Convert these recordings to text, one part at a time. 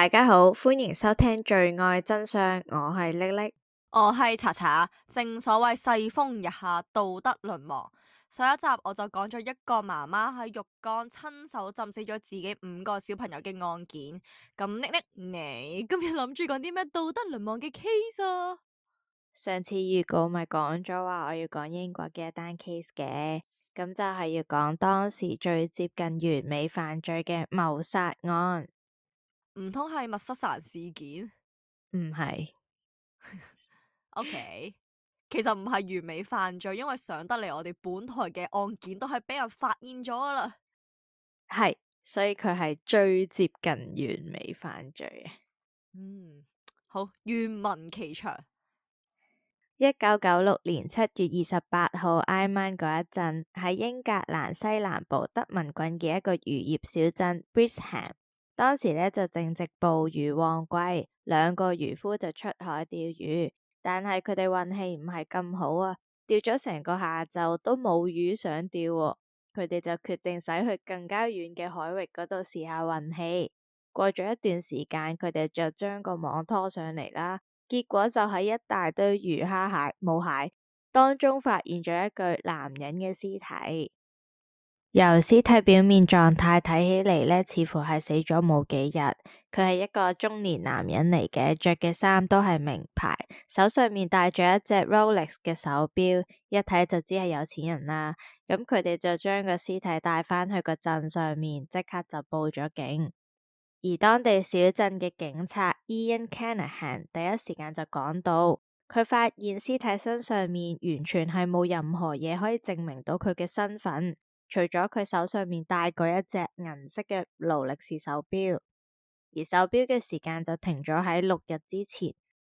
大家好，歡迎收聽《罪愛真相》，我歷歷，我係叻叻，我係查查。正所謂世風日下，道德淪亡。上一集我就講咗一個媽媽喺浴缸親手浸死咗自己五個小朋友嘅案件。咁叻叻，你、嗯、今日諗住講啲咩道德淪亡嘅 case 啊？上次預告咪講咗話我要講英國嘅一單 case 嘅，咁就係要講當時最接近完美犯罪嘅謀殺案。唔通係密室殺人事件？唔係不是 ，OK，其實唔係完美犯罪，因為上得嚟我哋本台嘅案件都係俾人發現咗啦。係，所以佢係最接近完美犯罪嘅。嗯，好，願聞其詳。一九九六年七月二十八號挨晚嗰一陣，喺英格蘭西南部德文郡嘅一個漁業小鎮 Brixham 當時咧就正值捕魚旺季，兩個漁夫就出海釣魚，但係佢哋運氣唔係咁好啊，釣咗成個下晝都冇魚上釣，啊，佢哋就決定駛去更加遠嘅海域嗰度試下運氣。過咗一段時間，佢哋就將個網拖上嚟啦，結果就喺一大堆魚蝦蟹、冇蟹當中發現咗一具男人嘅屍體。由屍體表面狀態睇起嚟呢，似乎係死咗冇幾日。佢係一個中年男人嚟嘅，着嘅衫都係名牌，手上面戴咗一隻 Rolex 嘅手表，一睇就知係有錢人啦。咁佢哋就將個屍體帶返去個鎮上面，即刻就報咗警。而當地小鎮嘅警察 Ian Kennaghan 第一時間就趕到，佢發現屍體身上面完全係冇任何嘢，可以證明到佢嘅身份。除咗佢手上面戴過一隻銀色嘅勞力士手錶，而手錶嘅時間就停咗喺六日之前，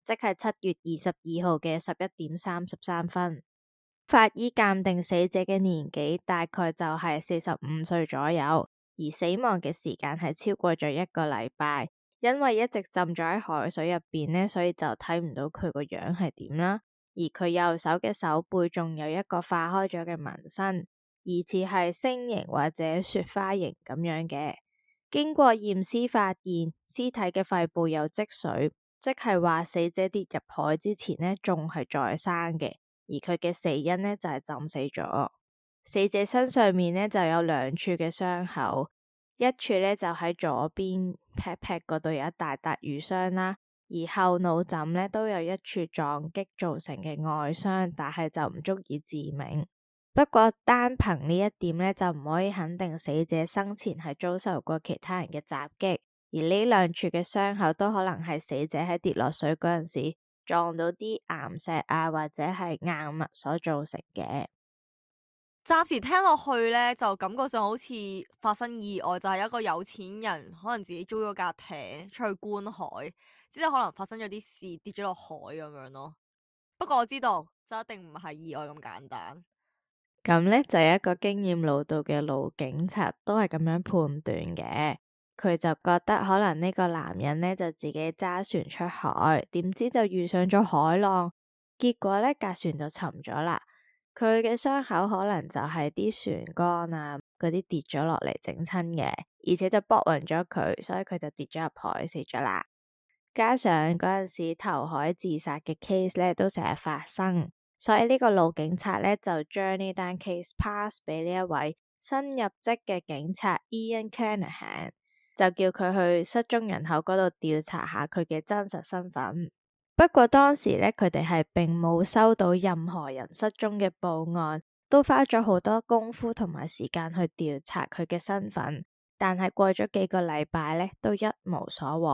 即係七月二十二號嘅十一點三十三分。法醫鑑定死者嘅年紀大概就係四十五歲左右，而死亡嘅時間係超過咗一個禮拜，因為一直浸咗喺海水入邊咧，所以就睇唔到佢個樣係點啦。而佢右手嘅手背仲有一個化開咗嘅紋身。疑似係星形或者雪花形咁樣嘅，經過驗屍發現，屍體嘅肺部有積水，即係話死者跌入海之前呢仲係在生嘅，而佢嘅死因呢就係浸死咗。死者身上面呢就有兩處嘅傷口，一處呢就喺左邊劈劈嗰度有一大笪瘀傷啦，而後腦枕呢都有一處撞擊造成嘅外傷，但係就唔足以致命。不過單憑呢一點咧，就唔可以肯定死者生前係遭受過其他人嘅襲擊，而呢兩處嘅傷口都可能係死者喺跌落水嗰陣時撞到啲岩石啊，或者係硬物所造成嘅。暫時聽落去咧，就感覺上好似發生意外，就係一個有錢人可能自己租咗架艇出去觀海，之後可能發生咗啲事跌咗落海咁樣咯。不過我知道就一定唔係意外咁簡單。咁呢就有、是、一個經驗老道嘅老警察，都係咁樣判斷嘅。佢就覺得可能呢個男人呢就自己揸船出海，點知就遇上咗海浪，結果呢架船就沉咗啦。佢嘅傷口可能就係啲船桿啊嗰啲跌咗落嚟整親嘅，而且就卜暈咗佢，所以佢就跌咗入海死咗啦。加上嗰陣時投海自殺嘅 case 呢都成日發生。所以呢個老警察呢，就將呢單 case pass 俾呢一位新入職嘅警察 Ian Canehan，就叫佢去失蹤人口嗰度調查下佢嘅真實身份。不過當時呢，佢哋係並冇收到任何人失蹤嘅報案，都花咗好多功夫同埋時間去調查佢嘅身份，但係過咗幾個禮拜呢，都一無所獲。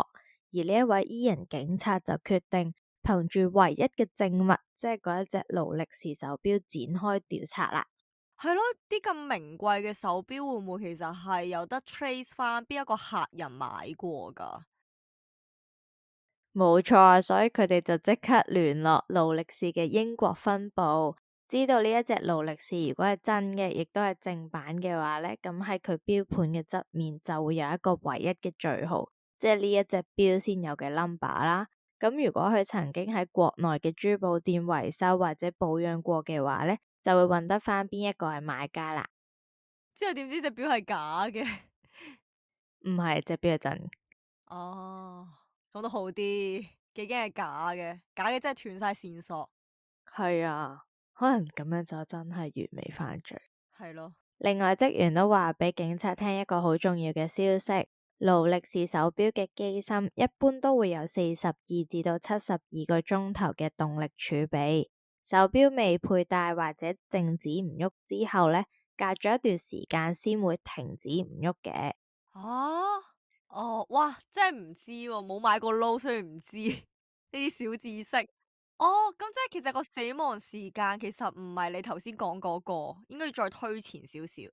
而呢一位 Ian 警察就決定。憑住唯一嘅證物，即係嗰一隻勞力士手錶展開調查啦。係咯，啲咁名貴嘅手錶會唔會其實係有得 trace 翻邊一個客人買過噶？冇錯，所以佢哋就即刻聯絡勞力士嘅英國分部，知道呢一隻勞力士如果係真嘅，亦都係正版嘅話咧，咁喺佢錶盤嘅側面就會有一個唯一嘅序號，即係呢一隻錶先有嘅 number 啦。咁如果佢曾經喺國內嘅珠寶店維修或者保養過嘅話咧，就會搵得翻邊一個係買家啦。之後點知隻表係假嘅？唔係隻表係真。哦，講得好啲，幾驚係假嘅，假嘅真係斷晒線索。係啊，可能咁樣就真係完美犯罪。係咯的。另外，職員都話畀警察聽一個好重要嘅消息。勞力士手錶嘅機芯一般都會有四十二至到七十二個鐘頭嘅動力儲備。手錶未佩戴或者靜止唔喐之後咧，隔咗一段時間先會停止唔喐嘅。哦、啊，哦，哇，真係唔知喎、啊，冇買過撈，雖然唔知呢啲小知識。哦，咁即係其實個死亡時間其實唔係你頭先講嗰個，應該要再推前少少。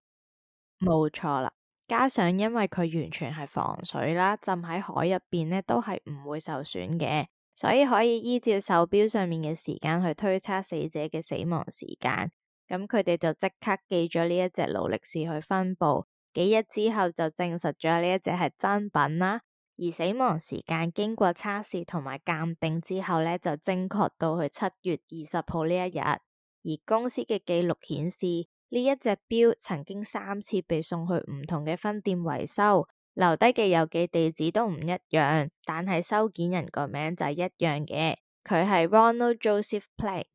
冇錯啦。加上，因為佢完全係防水啦，浸喺海入邊咧都係唔會受損嘅，所以可以依照手錶上面嘅時間去推測死者嘅死亡時間。咁佢哋就即刻寄咗呢一隻勞力士去分部，幾日之後就證實咗呢一隻係真品啦。而死亡時間經過測試同埋鑑定之後咧，就精確到去七月二十號呢一日。而公司嘅記錄顯示。呢一隻錶曾經三次被送去唔同嘅分店維修，留低嘅郵寄地址都唔一樣，但係收件人個名就係一樣嘅，佢係 Ronald Joseph Platt。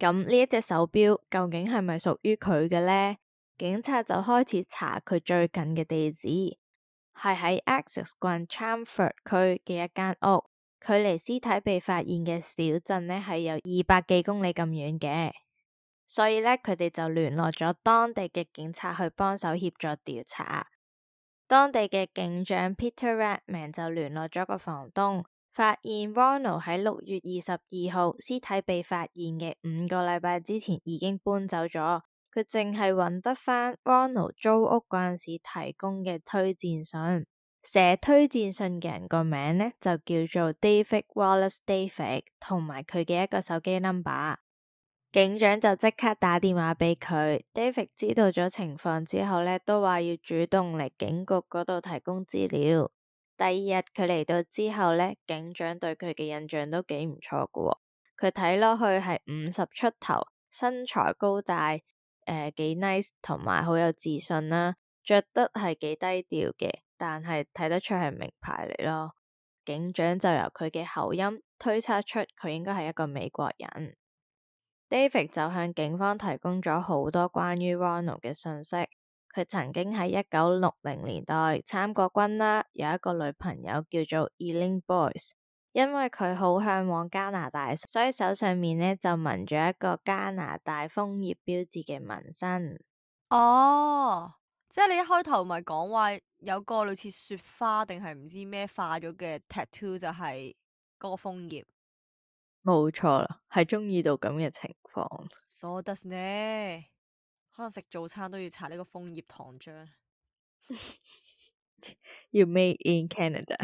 咁、嗯、呢一隻手錶究竟係咪屬於佢嘅呢？警察就開始查佢最近嘅地址，係喺 Essex 郡 Chelmsford 區嘅一間屋，距離屍體被發現嘅小鎮呢，係有二百幾公里咁遠嘅。所以咧，佢哋就聯絡咗當地嘅警察去幫手協助調查。當地嘅警長 Peter Ratman 就聯絡咗個房東，發現 Ronald 喺六月二十二號屍體被發現嘅五個禮拜之前已經搬走咗。佢淨係揾得返 Ronald 租屋嗰陣時提供嘅推薦信，寫推薦信嘅人個名咧就叫做 David Wallace David，同埋佢嘅一個手機 number。警長就即刻打電話俾佢，David 知道咗情況之後呢，都話要主動嚟警局嗰度提供資料。第二日佢嚟到之後呢，警長對佢嘅印象都幾唔錯㗎喎。佢睇落去係五十出頭，身材高大，誒、呃，幾 nice，同埋好有自信啦、啊，着得係幾低調嘅，但係睇得出係名牌嚟咯。警長就由佢嘅口音推測出佢應該係一個美國人。David 就向警方提供咗好多關於 Ronald 嘅信息。佢曾經喺一九六零年代參過軍啦，有一個女朋友叫做 Eileen Boyce。因為佢好向往加拿大，所以手上面咧就紋咗一個加拿大楓葉標誌嘅紋身。哦，oh, 即係你一開頭咪講話有個類似雪花定係唔知咩化咗嘅 tattoo 就係嗰個楓葉。冇錯啦，係中意到咁嘅情況。So 呢？可能食早餐都要搽呢個楓葉糖漿。 you made it in Canada。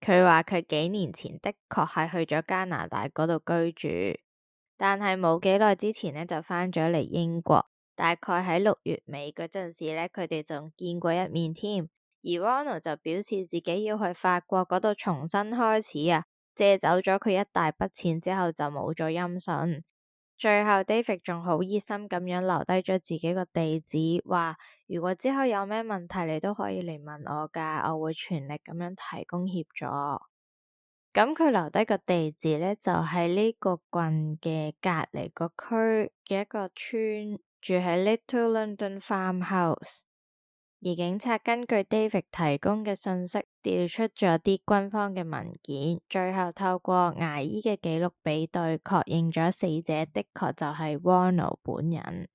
佢話佢幾年前的確係去咗加拿大嗰度居住，但係冇幾耐之前呢，就返咗嚟英國。大概喺六月尾嗰陣時呢，佢哋仲見過一面添。而 Ronald 就表示自己要去法國嗰度重新開始啊。借走咗佢一大筆錢之後就冇咗音訊，最後 David 仲好熱心咁樣留低咗自己個地址，話如果之後有咩問題，你都可以嚟問我噶，我會全力咁樣提供協助。咁佢留低個地址咧，就喺呢個郡嘅隔籬個區嘅一個村住喺 Little London Farmhouse。而警察根據 David 提供嘅信息，調出咗啲軍方嘅文件，最後透過牙醫嘅記錄比對，確認咗死者的確就係 Ronald 本人。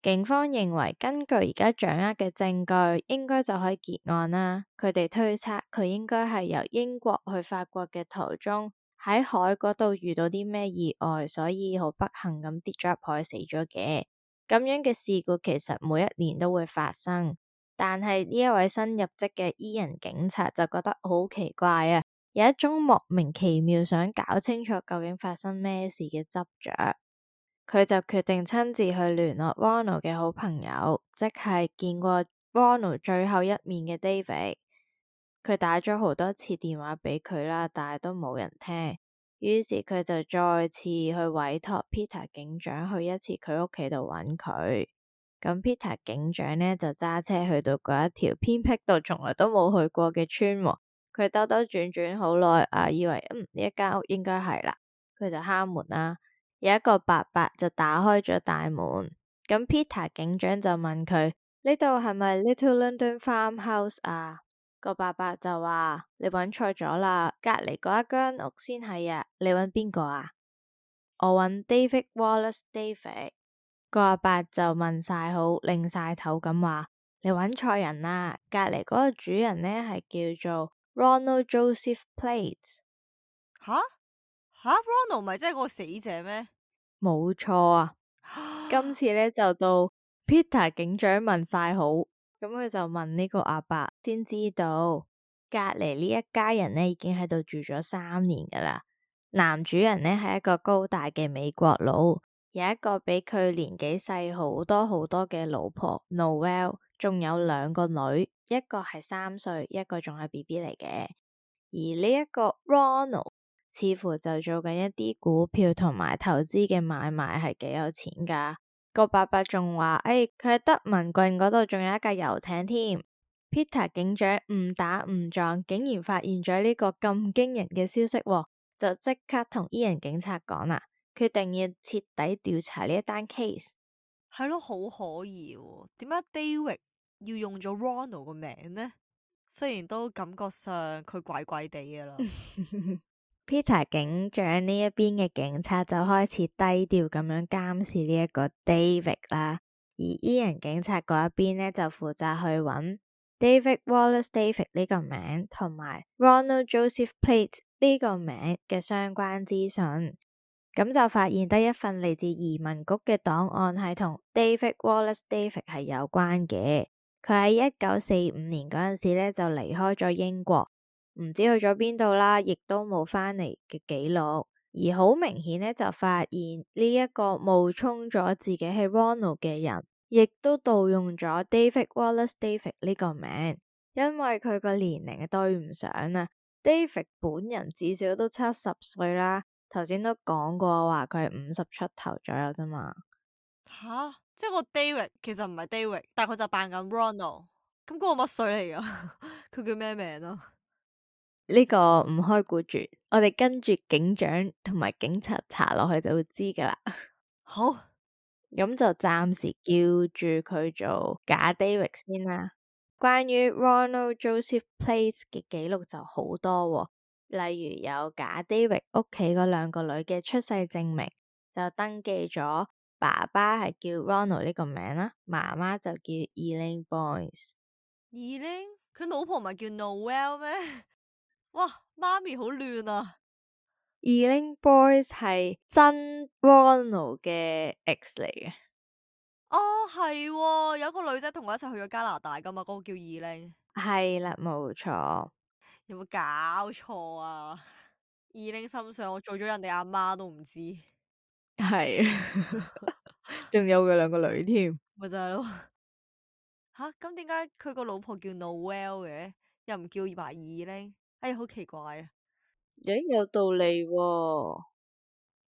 警方認為，根據而家掌握嘅證據，應該就可以結案啦。佢哋推測，佢應該係由英國去法國嘅途中，喺海嗰度遇到啲咩意外，所以好不幸咁跌咗入海死咗嘅。咁樣嘅事故其實每一年都會發生。但係呢一位新入職嘅 Ian 警察就覺得好奇怪啊，有一種莫名其妙想搞清楚究竟發生咩事嘅執着，佢就決定親自去聯絡 Ronald 嘅好朋友，即係見過 Ronald 最後一面嘅 David。佢打咗好多次電話畀佢啦，但係都冇人聽，於是佢就再次去委託 Peter 警長去一次佢屋企度揾佢。咁 Peter 警長呢就揸車去到嗰一條偏僻到從來都冇去過嘅村啊，佢兜兜轉轉好耐，啊，以為嗯呢一間屋應該係啦，佢就敲門啦，啊。有一個伯伯就打開咗大門，咁 Peter 警長就問佢：呢度係咪 Little London Farmhouse 啊？個伯伯就話：你揾錯咗啦，隔籬嗰一間屋先係呀。你揾邊個啊？我揾 David Wallace，David。個阿伯就問晒好，擰晒頭咁話：，你揾錯人啦！隔籬嗰個主人呢係叫做 Ronald Joseph Platt Ronald Joseph p l a t e 吓吓，Ronald 咪即係嗰個死者咩？冇錯啊！ 今次呢就到 Peter 警長問晒好，咁佢就問呢個阿伯先知道，隔籬呢一家人呢已經喺度住咗三年噶啦。男主人呢係一個高大嘅美國佬。有一個比佢年紀細好多好多嘅老婆 Noelle，仲有兩個女，一個係三歲，一個仲係 B B 嚟嘅。而呢一個 Ronald 似乎就做緊一啲股票同埋投資嘅買賣，係幾有錢噶。個伯伯仲話：，誒、哎，佢喺德文郡嗰度仲有一架遊艇添。Peter 警長誤打誤撞，竟然發現咗呢個咁驚人嘅消息，就即刻同 Ian 警察講啦。決定要徹底調查呢一單 case，係咯，好可疑。點解 David 要用咗 Ronald 個名呢？雖然都感覺上佢怪怪地嘅啦。Peter 警長呢一邊嘅警察就開始低調咁樣監視呢一個 David 啦，而 E 人警察嗰一邊呢就負責去揾 David Wallace、David 呢個名同埋 Ronald Joseph Plate 呢個名嘅相關資訊。咁就發現得一份嚟自移民局嘅檔案係同 David Wallace David 係有關嘅。佢喺一九四五年嗰陣時咧就離開咗英國，唔知去咗邊度啦，亦都冇返嚟嘅記錄。而好明顯咧就發現呢一個冒充咗自己係 Ronald 嘅人，亦都盜用咗 David Wallace David 呢個名，因為佢個年齡對唔上啊。David 本人至少都七十歲啦。頭先都講過話佢係五十出頭左右啫嘛，吓，即係個 David 其實唔係 David，但佢就扮緊 Ronald，咁嗰個乜水嚟噶？佢 叫咩名咯？呢個唔開估住，我哋跟住警長同埋警察查落去就會知噶啦。 好，咁就暫時叫住佢做假 David 先啦。關於 Ronald Joseph Platt 嘅記錄就好多喎、哦。例如有假 David 屋企嗰兩個女嘅出世證明，就登記咗爸爸係叫 Ronald 呢個名啦，媽媽就叫 Eileen Boyce。Eileen 佢老婆咪叫 Noelle 咩？哇，媽咪好亂啊！Eileen Boyce 係真 Ronald 嘅 ex 嚟嘅。哦，係喎，有個女仔同我一齊去咗加拿大噶嘛，嗰、嗰個叫 Eileen 係啦，冇錯。有冇搞錯啊？二、e、零心想我做咗人哋阿媽都唔知，係，仲 有佢兩個女添，咪就係咯。吓咁點解佢個老婆叫 Noel 嘅，又唔叫二白二零？Link? 哎呀，好奇怪啊！有、欸、有道理、啊，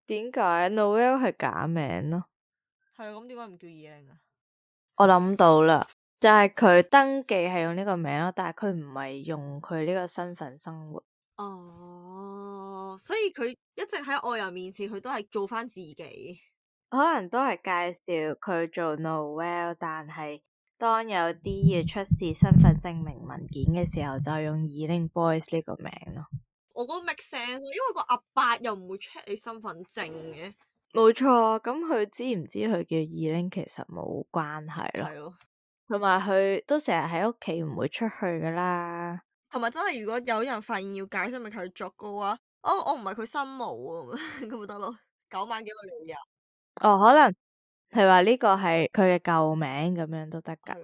點解 Noel 係假名咯？係啊咁、 嗯嗯、點解唔叫二零啊？我諗到啦。就係佢登記係用呢個名咯，但係佢唔係用佢呢個身份生活。哦，uh, 所以佢一直喺外游面前，佢都係做翻自己。可能都係介紹佢做 No Well，但係當有啲嘢出示身份證明文件嘅時候，就用 Eling Boys 呢個名咯。我覺得 make sense，因為個阿伯又唔會 check 你身份證嘅。冇錯。嗯，咁佢知唔知佢叫 Eling 其實冇關係咯。同埋佢都成日喺屋企，唔會出去噶啦。同埋真係，如果有人發現要解釋咪佢作噶話，哦，我唔係佢新毛啊，咁咪得咯。九萬幾個理由，哦，可能係話呢個係佢嘅舊名咁樣都得噶。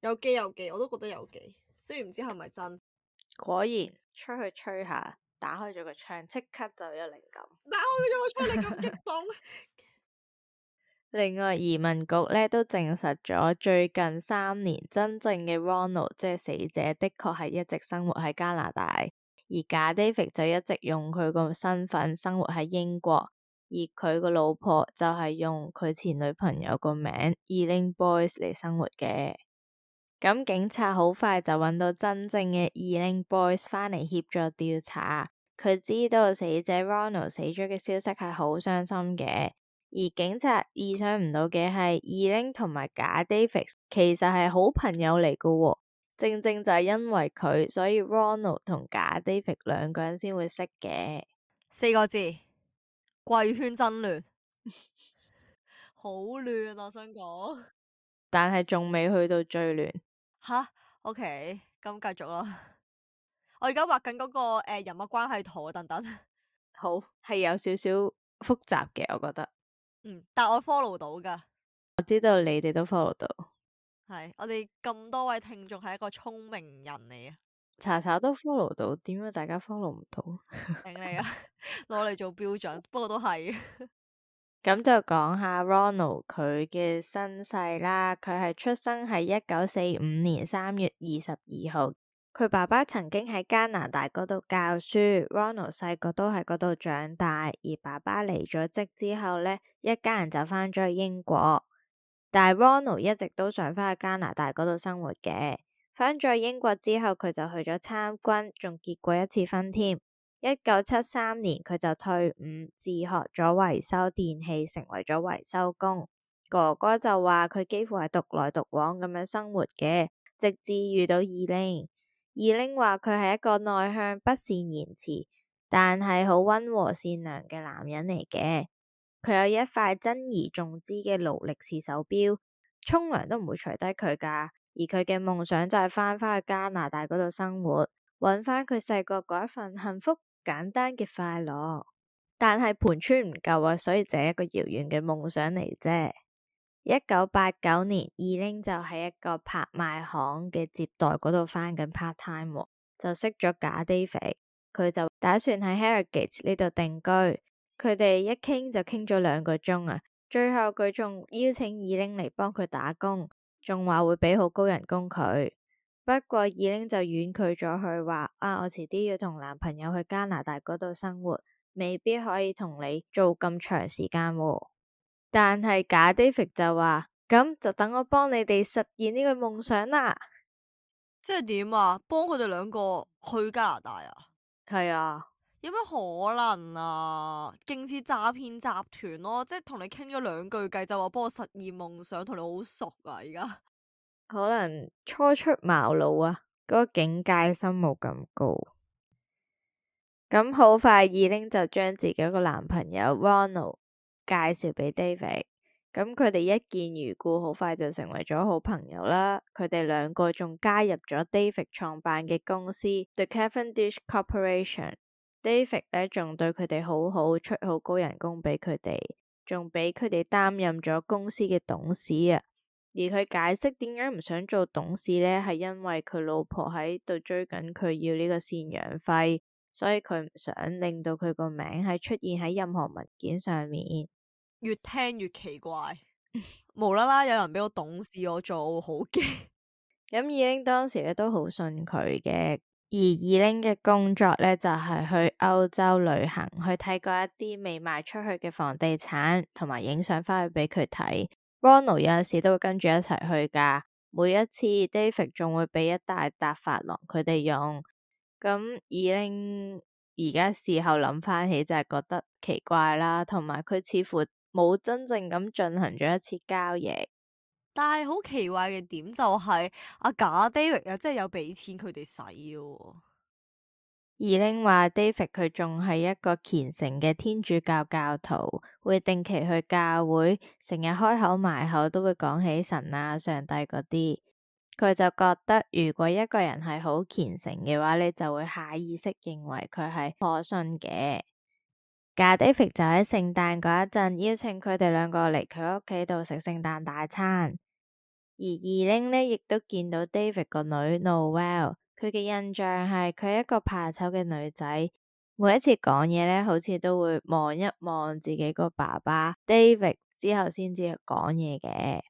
有記有記，我都覺得有記，雖然唔知係咪真。果然，出去吹下，打開咗個窗，即刻就有靈感。打開咗個窗，你咁激動。 另外，移民局呢都證實咗，最近三年真正嘅 Ronald 即係死者，的確係一直生活喺加拿大，而假 David 就一直用佢個身份生活喺英國，而佢個老婆就係用佢前女朋友個名 Ealing Boys 嚟生活嘅。咁警察好快就揾到真正嘅 Ealing Boys 返嚟協助調查，佢知道死者 Ronald 死咗嘅消息係好傷心嘅。而警察意想唔到嘅係，二玲同埋假 Davis 其實係好朋友嚟嘅、哦，正正就係因為佢，所以 Ronald 同假 Davis 兩個人先會識嘅。四個字，貴圈真亂， 好亂啊！我想講，但係仲未去到最亂。吓，OK，咁繼續啦。我而家畫緊嗰個誒、呃、人物關係圖啊，等等。 好，係有少少複雜嘅，我覺得。嗯，但我 follow 到噶，我知道你哋都 follow 到，係我哋咁多位聽眾係一個聰明人嚟啊，查查都 follow 到，點解大家 follow 唔到？頂你啊，攞嚟做標準，不過都係。咁就講下 Ronald 佢嘅身世啦，佢係出生喺一九四五年三月二十二號。佢爸爸曾經喺加拿大嗰度教書，Ronald 細個都喺嗰度長大，而爸爸離咗職之後呢，一家人就返咗去英國。但 Ronald 一直都想返去加拿大嗰度生活嘅。返咗英國之後，佢就去咗參軍，仲結過一次婚添。一九七三年佢就退伍，自學咗維修電器，成為咗維修工。哥哥就話佢幾乎係獨來獨往咁樣生活嘅，直至遇到 Elaine。二玲話佢係一個內向、不善言辭，但係好溫和善良嘅男人嚟嘅。佢有一塊珍而重之嘅勞力士手錶，沖涼都唔會除低佢噶。而佢嘅夢想就係返返去加拿大嗰度生活，揾返佢細個嗰一份幸福、簡單嘅快樂。但係盤川唔夠啊，所以就係一個遙遠嘅夢想嚟啫。一九八九年，二零就喺一個拍賣行嘅接待嗰度返緊 part time，就識咗假低肥。佢就打算喺 Harrogate 呢度定居。佢哋一傾就傾咗兩個鐘啊！最後佢仲邀請二零嚟幫佢打工，仲話會畀好高人工佢。不過二零就婉拒咗佢，話啊，我遲啲要同男朋友去加拿大嗰度生活，未必可以同你做咁長時間，啊。但係，賈德福就話，咁就等我幫你哋實現呢個夢想啦。即係點啊？幫佢哋兩個去加拿大啊？係啊，有乜可能啊？勁似詐騙集團咯，即係同你傾咗兩句偈就話幫我實現夢想，同你好熟啊？而 家可能初出茅廬啊，嗰、嗰個警戒心冇咁高。咁好快，二拎就將自己個男朋友 Ronald。介紹俾 David，咁佢哋一見如故，好快就成為咗好朋友啦。佢哋兩個仲加入咗 David 創辦嘅公司 The Cavendish Corporation。David 咧仲對佢哋好好，出好高人工俾佢哋，仲俾佢哋擔任咗公司嘅董事啊。而佢解釋點解唔想做董事呢？係因為佢老婆喺度追緊佢要呢個贍養費，所以佢唔想令到佢個名係出現喺任何文件上面。越聽越奇怪，無啦啦有人俾我董事我做好驚。咁 Elaine 當時咧都好信佢嘅，而 Elaine 嘅工作咧就係、是、去歐洲旅行，去睇過一啲未賣出去嘅房地產，同埋影相翻去俾佢睇。Ronald 有陣時都會跟住一齊去噶，每一次 David 仲會俾一大沓法郎佢哋用。咁 Elaine 而家事後諗翻起就係覺得奇怪啦，同埋佢似乎。冇真正咁進行咗一次交易，但係好奇怪嘅點就係、是、阿假 David 又真係有畀錢佢哋使，而拎話 David 佢仲係一個虔誠嘅天主教教教徒，會定期去教會，成日開口埋口都會講起神啊、上帝嗰啲。佢就覺得如果一個人係好虔誠嘅話，你就會下意識認為佢係可信嘅。架 David 就喺聖誕嗰一陣邀請佢哋兩個嚟佢屋企度食聖誕大餐，而 Elaine 呢，亦都見到 David 個女 Noelle，佢嘅印象係佢一個怕醜嘅女仔，每一次講嘢呢，好似都會望一望自己個爸爸 David 之後先至講嘢嘅。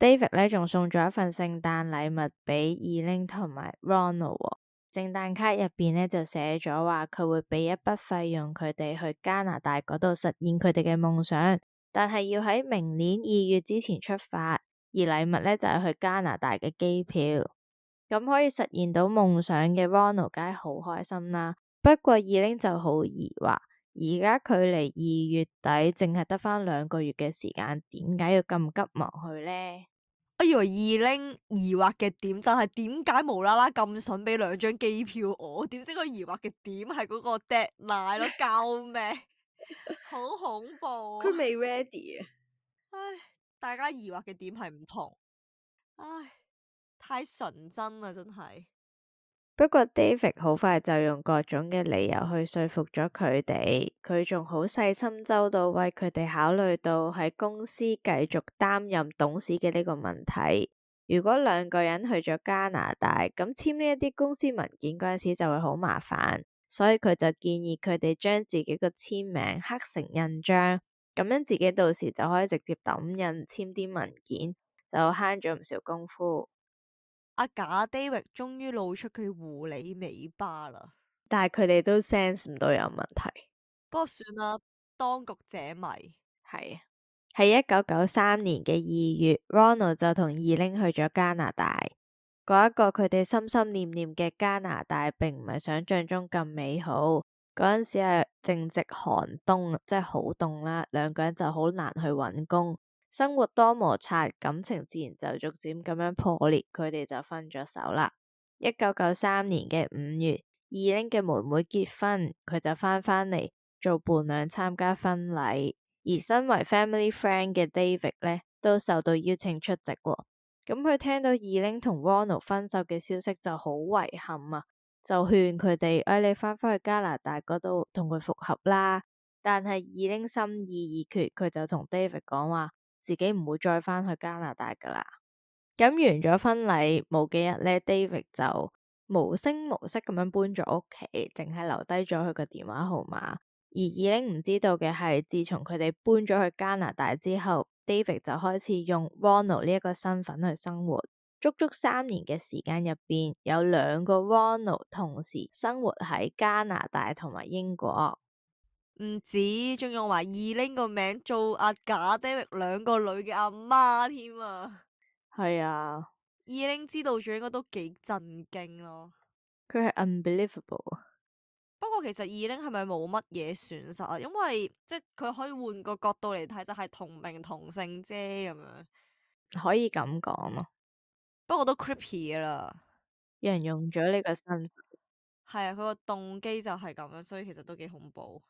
David 呢，仲送咗一份聖誕禮物畀 Elaine 同埋 Ronald。聖誕卡入邊呢，就寫咗話佢會畀一筆費用佢哋去加拿大嗰度實現佢哋嘅夢想，但係要喺明年二月之前出發，而禮物呢，就係去加拿大嘅機票。咁可以實現到夢想嘅 Ronald 梗係好開心啦，不過 Elaine 就好疑惑，而家距離二月底淨係得返兩個月嘅時間，點解要咁急忙去呢？我以為二拎疑惑嘅點就係點解無啦啦咁筍，俾兩張機票我，點知個疑惑嘅點係嗰個 deadline 咯，救命，好恐怖啊！佢未 ready 啊！唉，大家疑惑嘅點係唔同，唉，太純真啦，真係。不過，David 好快就用各種嘅理由去說服咗佢哋，佢仲好細心周到，為佢哋考慮到喺公司繼續擔任董事嘅呢個問題。如果兩個人去咗加拿大，咁簽呢一啲公司文件嗰陣時就會好麻煩，所以佢就建議佢哋將自己個簽名刻成印章，咁樣自己到時就可以直接抌印簽啲文件，就慳咗唔少功夫。阿賈 d 域 v i 終於露出佢狐狸尾巴啦，但係佢哋都 sense 唔到有問題。不過算啦，當局者迷係啊。喺一九九三年嘅二月，Ronald 就同二 l 去咗加拿大。嗰一個佢哋心心念念嘅加拿大，並唔係想象中咁美好。嗰陣時係正值寒冬，即係好凍啦，兩個人就好難去搵工。生活多摩擦，感情自然就逐漸咁樣破裂，佢哋就分咗手啦。一九九三年嘅五月，二 ling 嘅妹妹結婚，佢就返返嚟做伴娘參加婚禮。而身為 family friend 嘅 David 呢，都受到邀請出席。咁佢聽到二 ling 同 Ronald 分手嘅消息就好遺憾啊，就勸佢哋哎你返返去加拿大嗰度同佢復合啦。但係二 ling 心意已決，佢就同 David 講話。自己唔會再返去加拿大噶啦。咁完咗婚禮冇幾日咧，David 就無聲無息咁樣搬咗屋企，淨係留低咗佢個電話號碼。而二玲唔知道嘅係，自從佢哋搬咗去加拿大之後，David 就開始用 Ronald 呢一個身份去生活。足足三年嘅時間入邊，有兩個 Ronald 同時生活喺加拿大同埋英國。唔止，仲用埋 Elaine 個名做阿賈爹，兩個女嘅阿媽添啊。係啊，Elaine 知道咗應該都幾震驚咯。佢係 unbelievable。不過其實 Elaine 係咪冇乜嘢損失啊？因為即係佢可以換個角度嚟睇，就係、是、同名同姓啫咁樣，可以咁講咯。不過都 creepy 㗎啦，有人用咗呢個身份。係啊，佢個動機就係咁樣，所以其實都幾恐怖。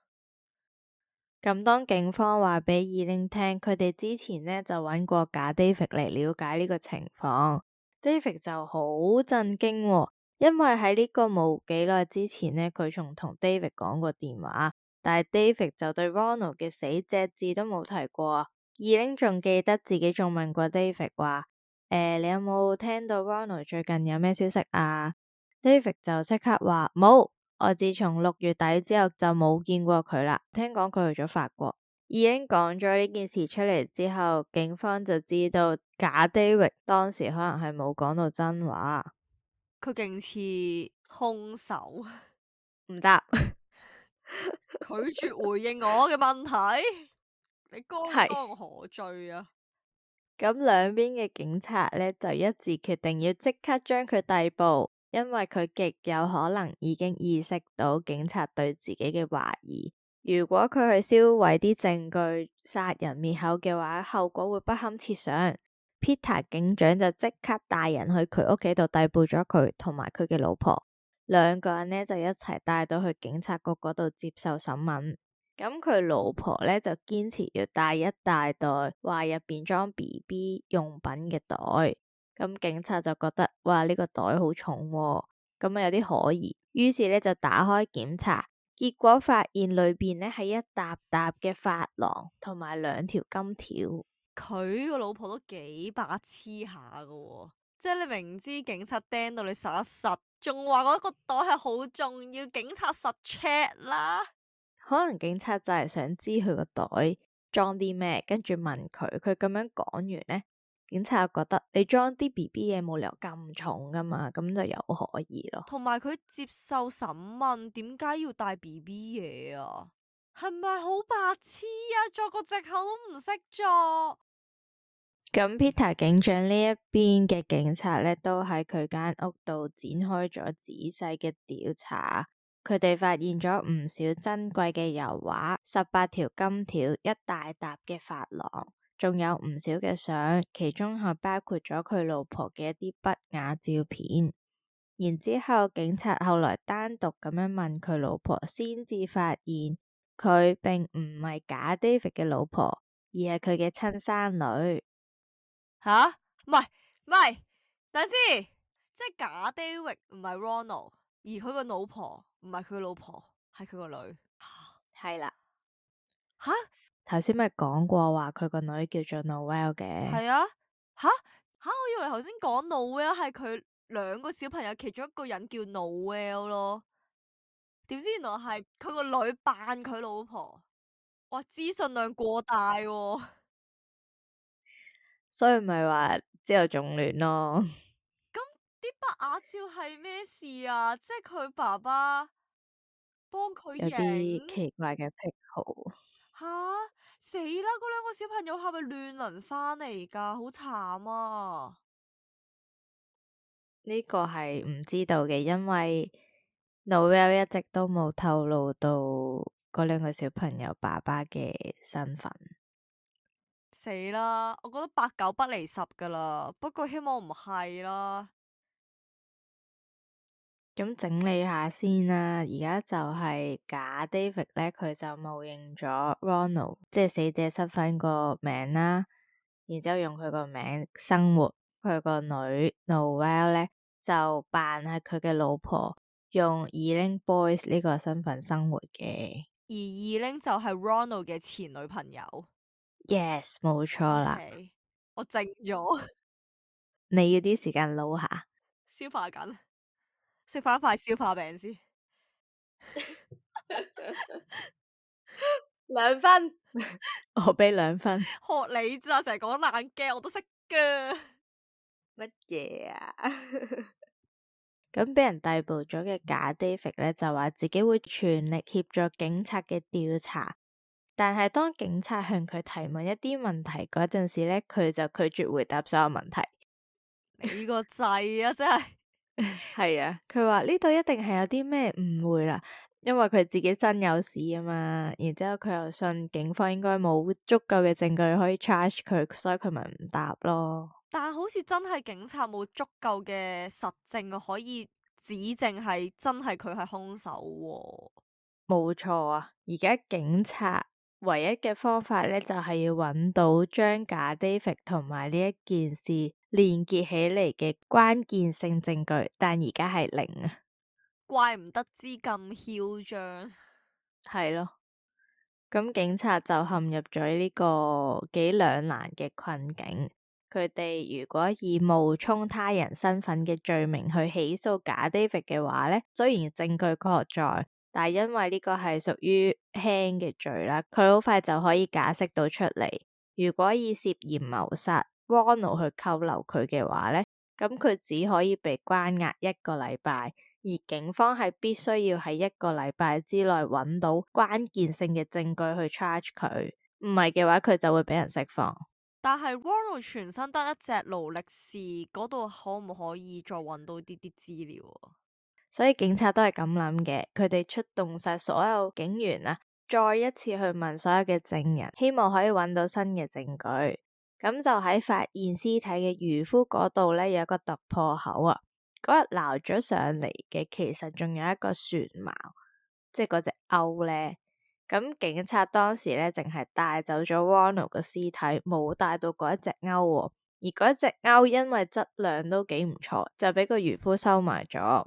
咁當警方話畀二 l i 聽，佢哋之前呢就揾過假 David 嚟了解呢個情況，David 就好震驚，因為喺呢個冇幾耐之前呢，佢仲同 David 講、哦、過電話，但係 David 就對 Ronald 嘅死隻字都冇提過。二 l 仲記得自己仲問過 David 話，誒、欸，你有冇聽到 Ronald 最近有咩消息啊？David 就即刻話冇。我自從六月底之後就冇見過佢啦。聽講佢去咗法國，已經講咗呢件事出嚟之後，警方就知道假 d 域 v i 當時可能係冇講到真話，佢勁似凶手，唔得行 拒絕回應我嘅問題，你剛剛何罪啊？咁兩邊嘅警察呢，就一致決定要即刻將佢逮捕。因為佢極有可能已經意識到警察對自己嘅懷疑，如果佢去銷毀啲證據、殺人滅口嘅話，後果會不堪設想。Peter 警長就即刻帶人去佢屋企度逮捕咗佢同埋佢嘅老婆，兩個人呢，就一齊帶到去警察局嗰度接受審問。咁佢老婆咧就堅持要帶一大袋，話入邊裝 BB 用品嘅袋。.咁警察就覺得哇呢、這個袋好重，哦，咁啊有啲可疑，於是咧就打開檢查，結果發現裏邊咧係一沓沓嘅法郎同埋兩條金條。佢個老婆都幾白痴下噶、哦，即係你明知警察盯到你實一實，仲話嗰個袋係好重要，警察實 check 啦。可能警察就係想知佢個袋裝啲咩，跟住問佢，佢咁樣講完咧。警察覺得你裝啲 B B 嘢冇理由咁重噶嘛，咁就又可疑咯。同埋佢接受審問，點解要帶 B B 嘢啊？係咪好白痴啊？作個藉口都唔識做。咁 Peter 警長呢一邊嘅警察呢，都喺佢間屋度展開咗仔細嘅調查。佢哋發現咗唔少珍貴嘅油畫、十八條金條、一大沓嘅法郎。仲有唔少嘅相，其中係包括咗佢老婆嘅一啲不雅照片。然之後警察後來單獨咁樣問佢老婆，先至發現佢並唔係假 David 嘅老婆，而係佢嘅親生女。吓，唔係唔係，等先，即係假 David 唔係 Ronald，而佢個老婆唔係佢老婆，係佢個女。係啦，吓。頭先咪講過話佢個女叫做 Noel 嘅，係啊，吓、啊、吓、啊，我以為頭先講 Noel 係佢兩個小朋友其中一個人叫 Noel 咯，點知原來係佢個女扮佢老婆，哇，資訊量過大，所以咪話之後仲亂咯。咁啲不雅照係咩事啊？即係佢爸爸幫佢影，有啲奇怪嘅癖好。死啦！嗰兩、啊、個小朋友係咪亂倫返嚟噶？好慘啊！呢個係唔知道嘅，因為 Noelle 一直都冇透露到嗰兩個小朋友爸爸嘅身份。死啦！我覺得八九不離十噶啦，不過希望唔係啦。咁整理下先啦、啊，而家就係假 David 咧，佢就冒認咗 Ronald，即係死者身份個名啦。然之後用佢個名生活，佢個女 Noelle 咧就扮係佢嘅老婆，用 Elaine Boyes 呢個身份生活嘅。而 Elaine 就係 Ronald 嘅前女朋友。Yes，冇錯啦。Okay，我靜咗。你要啲時間 load 下。消化緊。食返塊消化餅先，兩 兩分， 我畀兩分， 學你咋、啊？成日講爛嘅我都識噶，乜 嘢麼啊？咁 畀人逮捕咗嘅假 David 咧，就話自己會全力協助警察嘅調查，但係當警察向佢提問一啲問題嗰陣時咧，佢就拒絕回答所有問題。 你個制啊，真係！ 係 啊，佢話呢度一定係有啲咩誤會啦，因為佢自己真有事啊嘛。然之後佢又信警方應該冇足夠嘅證據可以 charge 佢，所以佢咪唔答咯。但係好似真係警察冇足夠嘅實證可以指證係真係佢係兇手喎，冇錯啊，而家警察唯一嘅方法咧就係、是、要揾到張假 David 同埋呢一件事。連結起嚟嘅關鍵性證據，但而家係零啊！怪唔得知咁囂張，係咯？咁警察就陷入咗呢個幾兩難嘅困境。佢哋如果以冒充他人身份嘅罪名去起訴假 David 嘅話呢，雖然證據確在，但係因為呢個係屬於輕嘅罪啦，佢好快就可以解釋到出嚟。如果以涉嫌謀殺，Ronald 去扣留佢嘅話呢，咁佢只可以被關押一個禮拜，而警方係必須要喺一個禮拜之內揾到關鍵性嘅證據去 charge 佢，唔係嘅話佢就會俾人釋放。但係 Ronald 全身得一隻勞力士，嗰度可唔可以再揾到啲啲資料？所以警察都係咁諗嘅，佢哋出動晒所有警員啊，再一次去問所有嘅證人，希望可以揾到新嘅證據。咁就喺發現屍體嘅漁夫嗰度呢，有一個突破口啊！嗰日撈咗上嚟嘅，其實仲有一個船錨，即係嗰隻鈎呢。咁警察當時呢，淨係帶走咗 Ronald 嘅屍體，冇帶到嗰一隻鈎。而嗰一隻鈎因為質量都幾唔錯，就俾個漁夫收埋咗。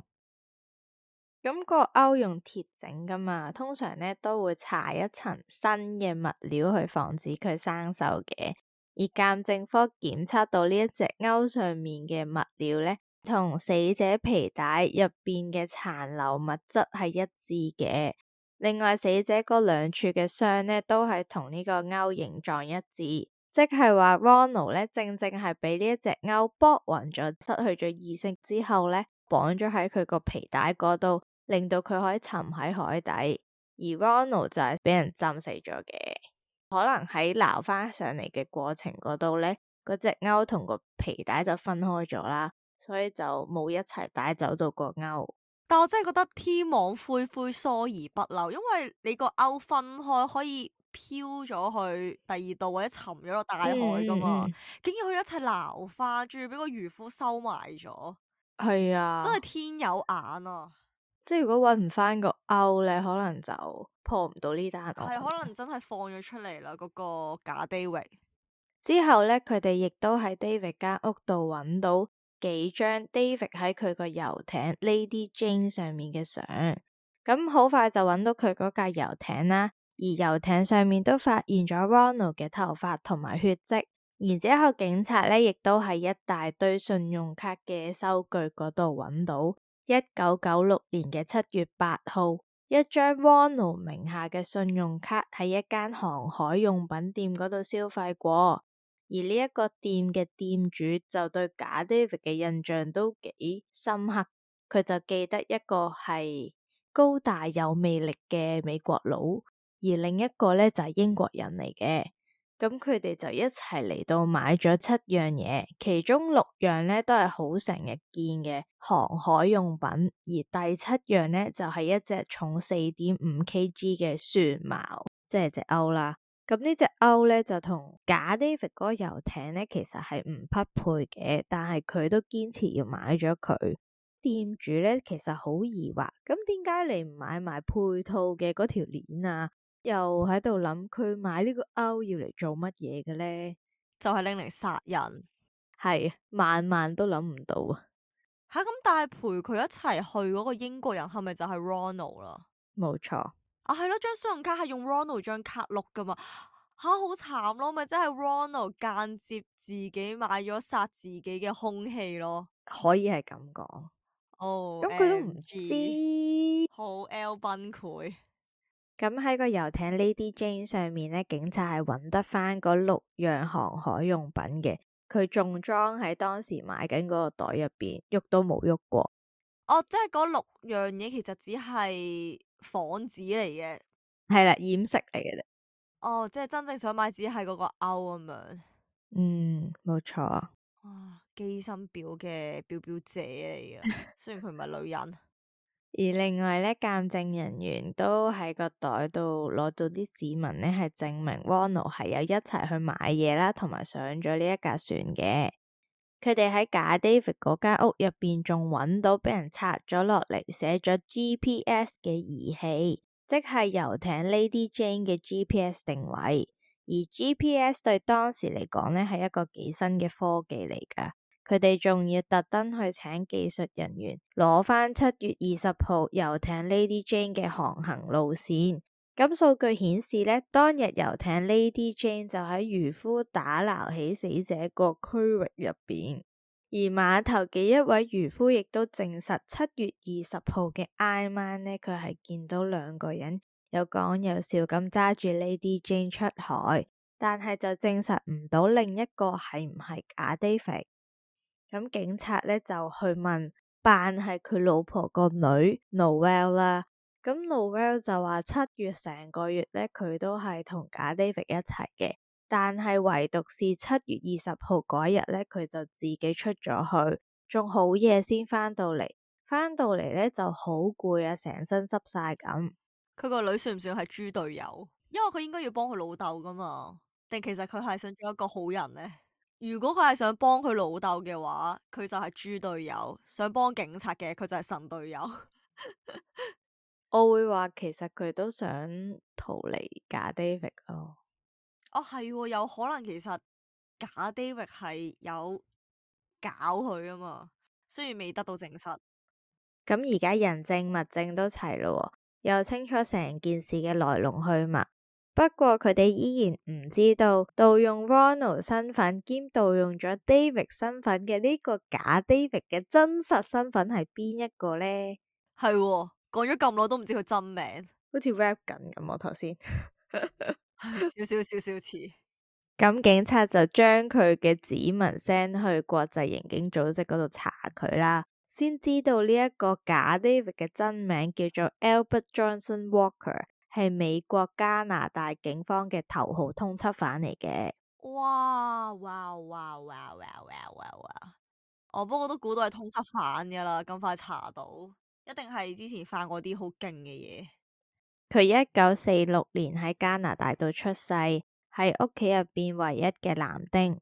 咁個鈎用鐵整噶嘛，通常呢都會搽一層新嘅物料去防止佢生銹嘅。而鑑證科檢測到呢一隻鈎上面嘅物料呢，同死者皮帶入邊嘅殘留物質係一致嘅。另外，死者嗰兩處嘅傷呢，都係同呢個鈎形狀一致，即係話 Ronald 呢正正係俾呢一隻鈎撲暈咗，失去咗意識之後呢，綁咗喺佢個皮帶嗰度，令到佢可以沉喺海底。而 Ronald 就係俾人浸死咗嘅。可能喺撈翻上嚟嘅過程嗰度咧，嗰隻鈎同個皮帶就分開咗啦，所以就冇一齊帶走到個鈎。但我真係覺得天網恢恢，疏而不漏，因為你個鈎分開可以飄咗去第二度或者沉咗落大海噶嘛，嗯嗯，竟然佢一齊撈翻，仲要俾個漁夫收埋咗，係啊，真係天有眼啊！即係如果揾唔返個勾咧，可能就破唔到呢單案。係可能真係放咗出嚟啦，嗰個假 David 之後咧，佢哋亦都喺 David 間屋度揾到幾張 David 喺佢個遊艇 Lady Jane 上面嘅相。咁好快就揾到佢嗰架遊艇啦，而遊艇上面都發現咗 Ronald 嘅頭髮同埋血跡。然之後警察咧亦都喺一大堆信用卡嘅收據嗰度揾到。一九九六年嘅七月八號，一張 Ronald 名下嘅信用卡喺一間航海用品店嗰度消費過，而呢一個店嘅店主就對假 David 嘅印象都幾深刻，佢就記得一個係高大有魅力嘅美國佬，而另一個咧就係、是、英國人嚟嘅。.咁佢哋就一齊嚟，到買咗七樣嘢，其中六樣咧都係好成日見嘅航海用品，而第七樣咧就係一隻重四點五 Kg 嘅船錨，即係隻歐啦。咁呢隻歐咧就同假 David 嗰遊艇咧其實係唔匹配嘅，但係佢都堅持要買咗佢。店主咧其實好疑惑，咁點解你唔買埋配套嘅嗰條鏈啊？又喺度諗，佢買呢個勾要嚟做乜嘢嘅咧？就係拎嚟殺人，係萬萬都諗唔到啊！吓，咁，但係陪佢一齊去嗰個英國人係咪就係 Ronald 啦？冇錯啊，係咯，張信用卡係用 Ronald 張卡碌噶嘛？吓，好慘咯，咪真係 Ronald 間接自己買咗殺自己嘅凶器咯，可以係咁講。哦，咁佢都唔知，G. 好 L 崩潰。咁喺個遊艇 Lady Jane 上面咧，警察係揾得翻嗰六樣航海用品嘅，佢仲裝喺當時買緊嗰個袋入邊，喐都冇喐過。哦，即係嗰六樣嘢，其實只係幌子嚟嘅，係啦，掩飾嚟嘅啫。哦，即係真正想買只係嗰個歐咁樣。嗯，冇錯啊。哇、哦，機芯錶嘅表表姐嚟嘅，雖然佢唔係女人。 而另外呢，鑒證人員都喺個袋度攞到啲指紋呢，係證明 Ronald 係有一齊去買嘢啦，同埋上咗呢一架船嘅。佢哋喺假 David 嗰間屋入邊仲揾到俾人拆咗落嚟，寫咗 GPS 嘅儀器，即係遊艇 Lady Jane 嘅 GPS 定位。而 GPS 對當時嚟講呢，係一個幾新嘅科技嚟噶。佢哋仲要特登去請技術人員攞返七月二十號遊艇 Lady Jane 嘅航行路線。咁數據顯示呢，當日遊艇 Lady Jane 就喺漁夫打撈起死者個區域入邊。而碼頭嘅一位漁夫亦都證實，七月二十號嘅挨晚呢，佢係見到兩個人有講有笑咁揸住 Lady Jane 出海，但係就證實唔到另一個係唔係阿咁警察咧就去問，扮係佢老婆個女 Noelle 啦，咁 Noelle 就話七月成個月咧佢都係同假 David 一齊嘅，但係唯獨是七月二十號嗰日咧佢就自己出咗去，仲好夜先翻到嚟，翻到嚟咧就好攰啊，成身執晒咁。佢個女算唔算係豬隊友？因為佢應該要幫佢老豆噶嘛，定其實佢係想做一個好人咧？如果佢係想幫佢老豆嘅話，佢就係豬隊友；想幫警察嘅，佢就係神隊友。 我會話其實佢都想逃離假 David 咯。哦，係、喎、有可能其實假 David 係有搞佢啊嘛，雖然未得到證實。咁而家人證物證都齊咯、喎，又清楚成件事嘅來龍去脈。不過佢哋依然唔知道盜用 Ronald 身份兼盜用咗 David 身份嘅呢個假 David 嘅真實身份係邊一個呢？係喎，講咗咁耐都唔知佢真名，好似 rap 緊咁。我頭先少少少少似咁，警察就將佢嘅指紋 send 去國際刑警組織嗰度查佢啦，先知道呢一個假 David 嘅真名叫做 Albert Johnson Walker，係美國加拿大警方嘅頭號通緝犯嚟嘅。哇哇哇哇哇哇哇哇！哦，不過都估到係通緝犯噶啦，咁快查到，一定係之前犯過啲好勁嘅嘢。佢一九四六年喺加拿大度出世，係屋企入邊唯一嘅男丁。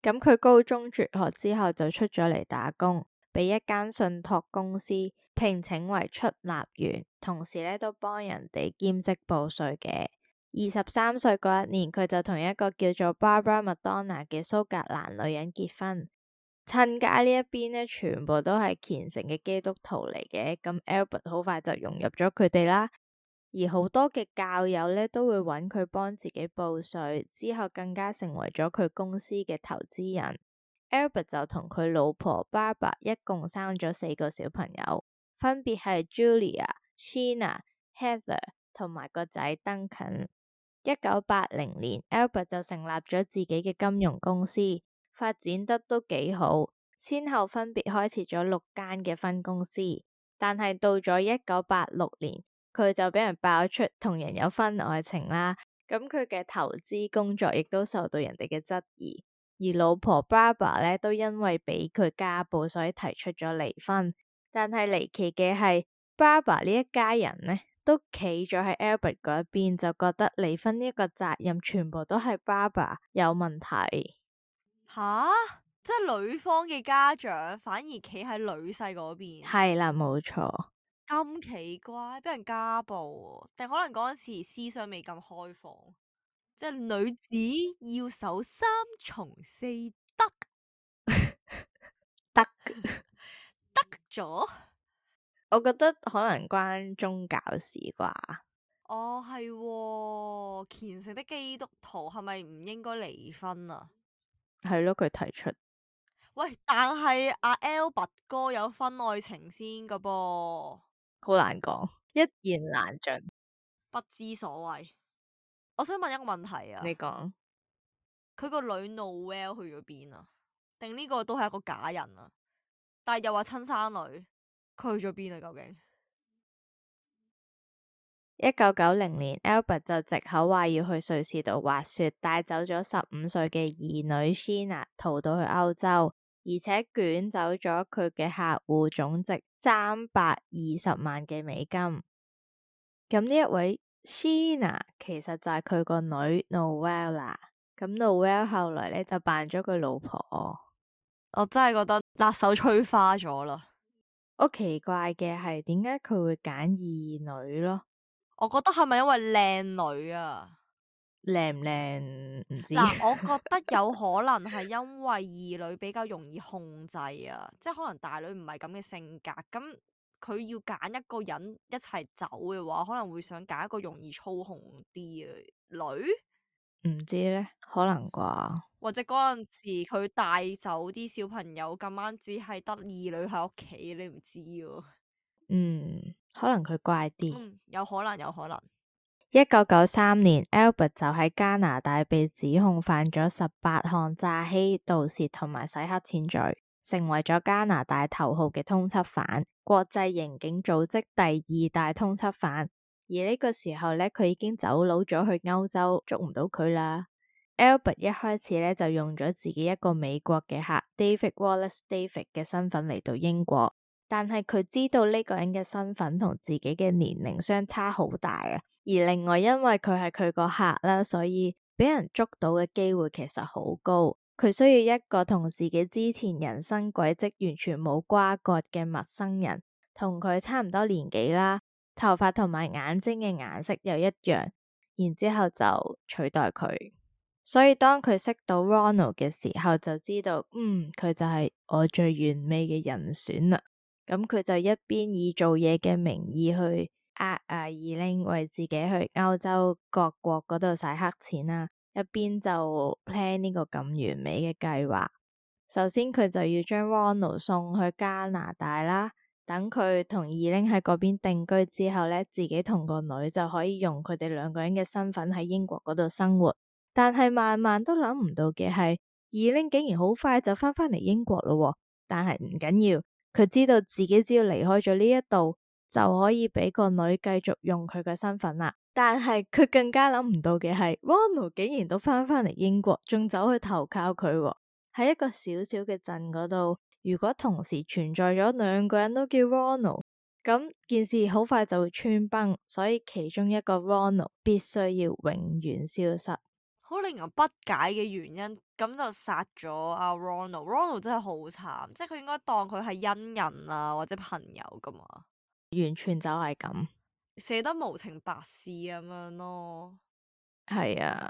咁佢高中輟學之後就出咗嚟打工，俾一間信託公司，聘請為出納員，同時咧都幫人哋兼職報稅嘅。二十三歲嗰一年，佢就同一個叫做 Barbara Madonna 嘅蘇格蘭女人結婚。親家一邊呢，一邊咧，全部都係虔誠嘅基督徒嚟嘅，咁 Albert 好快就融入咗佢哋啦。而好多嘅教友咧都會揾佢幫自己報稅，之後更加成為咗佢公司嘅投資人。Albert 就同佢老婆 Barbara 一共生咗四個小朋友。分別係 Julia、Sheena Heather 同埋個仔 Duncan。一九八零年，Albert 就成立咗自己嘅金融公司，發展得都幾好，先後分別開設咗六間嘅分公司。但係到咗一九八六年，佢就俾人爆出同人有婚外情啦。咁佢嘅投資工作亦都受到人哋嘅質疑，而老婆 Barbara 咧都因為俾佢家暴，所以提出咗離婚。但係離奇嘅係 Barbara 呢一家人呢都企咗喺 Albert 嗰邊，就覺得離婚呢一個責任全部都係 Barbara 有問題。吓、啊，即係女方嘅家長反而企喺女婿嗰邊。係啦、啊，冇錯。咁奇怪，俾人家暴定、啊、可能嗰陣時思想未咁開放，即係女子要守三從四德， 德。 得咗，我覺得可能關宗教事啩。哦，係虔誠的基督徒係咪唔應該離婚啊？係咯，佢提出。喂，但係阿 Albert 哥有婚外情先噶噃。好難講，一言難盡，不知所謂。我想問一個問題啊。你講說，佢個女 Noelle 去咗邊啊？定呢個都係一個假人啊？但又話親生女，佢去咗邊啊？究竟？一九九零年，Albert 就藉口話要去瑞士度滑雪，帶走咗十五歲嘅兒女 Sheena 逃到去歐洲，而且捲走咗佢嘅客戶總值三百二十萬嘅美金。咁呢一位 Sheena 其實就係佢個女 Noella。咁 Noella 後來咧就扮咗佢老婆。我真係覺得辣手摧花咗啦！好奇怪嘅係，點解佢會揀二女咯？我覺得係咪因為靚女啊？靚唔靚唔知。但我覺得有可能係因為二女比較容易控制啊， 即係可能大女唔係咁嘅性格，咁佢要揀一個人一齊走嘅話，可能會想揀一個容易操控啲嘅女。唔知咧，可能啩？或者嗰陣時佢帶走啲小朋友，咁啱只係得二女喺屋企，你唔知喎、啊。嗯，可能佢怪啲、嗯，有可能，有可能。一九九三年，Albert 就喺加拿大被指控犯咗十八項詐欺、盜竊同埋洗黑錢罪，成為咗加拿大頭號嘅通緝犯，國際刑警組織第二大通緝犯。而呢個時候咧，佢已經走佬咗去歐洲，捉唔到佢啦。Albert 一開始咧，就用咗自己一個美國嘅客 David Wallace David 嘅身份嚟到英國，但係佢知道呢個人嘅身份同自己嘅年齡相差好大啊。而另外因為佢係佢個客啦，所以俾人捉到嘅機會其實好高。佢需要一個同自己之前人生軌跡完全冇瓜葛嘅陌生人，同佢差唔多年紀啦，頭髮同埋眼睛嘅顏色又一樣，然之後就取代佢。所以當佢識到 Ronald 嘅時候，就知道，嗯，佢就係我最完美嘅人選啦。咁佢就一邊以做嘢嘅名義去呃啊二 l i 為自己去歐洲各國嗰度洗黑錢啦，啊，一邊就 plan 呢個咁完美嘅計劃。首先佢就要將 Ronald 送去加拿大啦，等佢同二 l 喺嗰邊定居之後咧，自己同個女就可以用佢哋兩個人嘅身份喺英國嗰度生活。但係慢慢都諗唔到嘅係，Elaine 竟然好快就返返嚟英國咯、哦。但係唔緊要，佢知道自己只要離開咗呢一度，就可以畀個女繼續用佢嘅身份啦。但係佢更加諗唔到嘅係，Ronald 竟然都返返嚟英國，仲走去投靠佢喎、哦。喺一個小小嘅鎮嗰度，如果同時存在咗兩個人都叫 Ronald，咁件事好快就會穿崩，所以其中一個 Ronald 必須要永遠消失。好令人不解嘅原因，咁就殺咗阿 Ronald，Ronald Ron 真係好慘，即係佢應該當佢係恩人啊或者朋友㗎嘛，完全就係咁，捨得無情白事咁樣咯，係啊。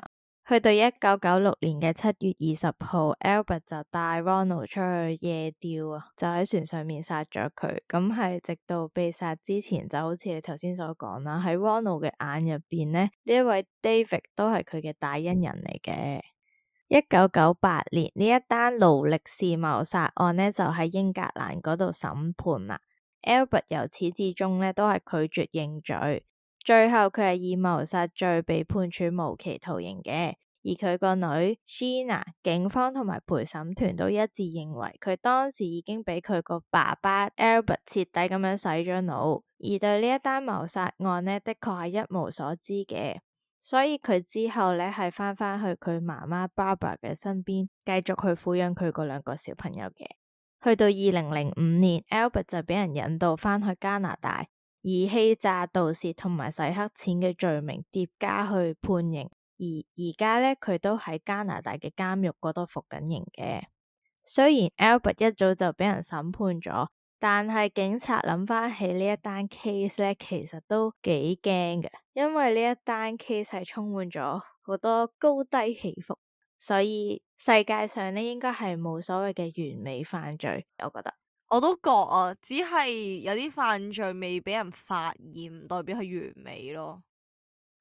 去到一九九六年嘅七月二十號，Albert 就帶 Ronald 出去夜釣啊，就喺船上面殺咗佢。咁係直到被殺之前，就好似你頭先所講啦，喺 Ronald 嘅眼入邊呢，呢一位 David 都係佢嘅大恩人嚟嘅。一九九八年呢一單勞力士謀殺案呢，就喺英格蘭嗰度審判啦。Albert 由始至終呢都係拒絕認罪。最後佢係以謀殺罪被判處無期徒刑嘅，而佢個女 Sheena，警方同埋陪審團都一致認為佢當時已經俾佢個爸爸 Albert 徹底咁樣洗咗腦，而對呢一單謀殺案呢，的確係一無所知嘅，所以佢之後呢，係返返去佢媽媽 Barbara 嘅身邊，繼續去撫養佢嗰兩個小朋友嘅。去到二零零五年，Albert 就俾人引渡返去加拿大。以欺詐、盜竊同埋洗黑錢嘅罪名疊加去判刑，而而家咧佢都喺加拿大嘅監獄嗰度服緊刑嘅。雖然 Albert 一早就俾人審判咗，但係警察諗翻起呢一單 case 咧，其實都幾驚嘅，因為呢一單 case 係充滿咗好多高低起伏，所以世界上咧應該係冇所謂嘅完美犯罪，我覺得。我都覺啊，只係有啲犯罪未俾人發現，唔代表係完美咯。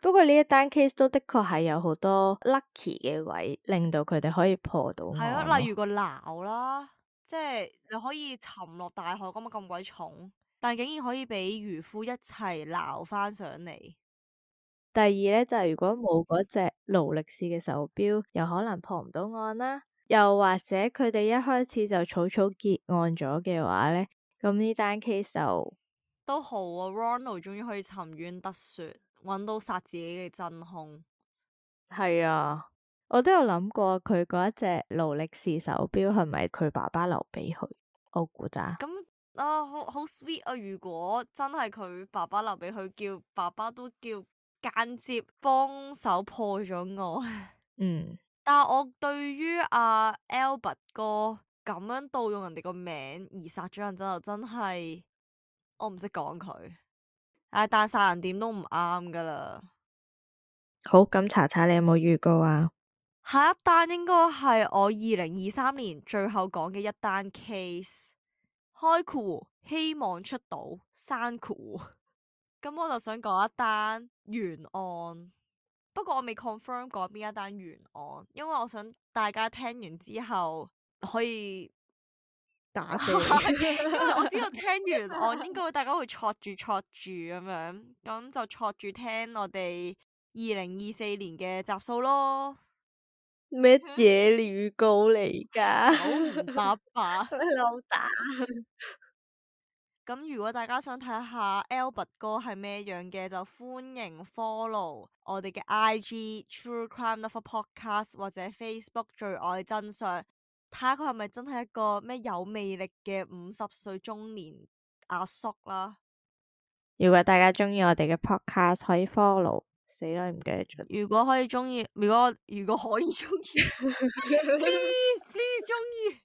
不過呢一單 case 都的確係有好多 lucky 嘅位，令到佢哋可以破到案。係咯、啊，例如個撈啦，即係你可以沉落大海，咁樣咁鬼重，但竟然可以畀漁夫一齊撈翻上嚟。第二咧，就係、是、如果冇嗰隻勞力士嘅手表，又可能破唔到案啦。又或者佢哋一開始就草草結案咗嘅話咧，咁呢單 case 就都好啊。Ronald 終於可以沉冤得雪，揾到殺自己嘅真凶。係啊，我都有諗過佢嗰一隻勞力士手表係咪佢爸爸留畀佢？我估咋？咁啊，好好 sweet 啊！如果真係佢爸爸留畀佢，叫爸爸都叫間接幫手破咗案。嗯。但我對於阿、啊、Albert 哥咁樣盜用人哋個名而殺咗人真就真係我唔識講佢，但係殺人點都唔啱噶啦。好，咁查查你有冇預告啊？下一單應該係我二零二三年最後講嘅一單 case，開庫希望出到山庫，咁 我就想講一單懸案。不過我未 confirm 過邊一單原案，因為我想大家聽完之後可以打死。 我知道聽完我 應該大家會戳住戳住咁樣，咁就戳住聽我哋二零二四年嘅集數咯。咩嘢預告嚟噶？ 九唔搭八，老打。咁如果大家想睇下 Albert 哥係咩樣嘅，就歡迎 follow 我哋嘅 IG True Crime Lover Podcast 或者 Facebook 罪愛真相，睇下佢係咪真係一個咩有魅力嘅五十歲中年阿叔啦。如果大家鍾意我哋嘅 podcast，可以 follow。死啦，唔記得咗。如果可以鍾意，如果如果可以鍾意 please please 鍾意。